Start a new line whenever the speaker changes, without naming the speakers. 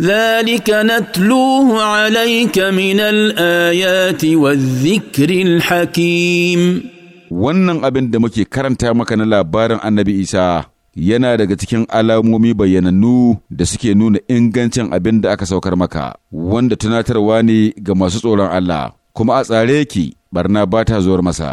ذلك نتلوه عليك من الآيات والذكر
الحكيم wannan abin da muke karanta maka na labarin annabi isa yana daga cikin alamomi bayyanannu da suke nuna ingancin abin da aka saukar maka wanda tunatarwa ne ga masu tsoron allah kuma a tsare
ki barna ba ta zuwar masa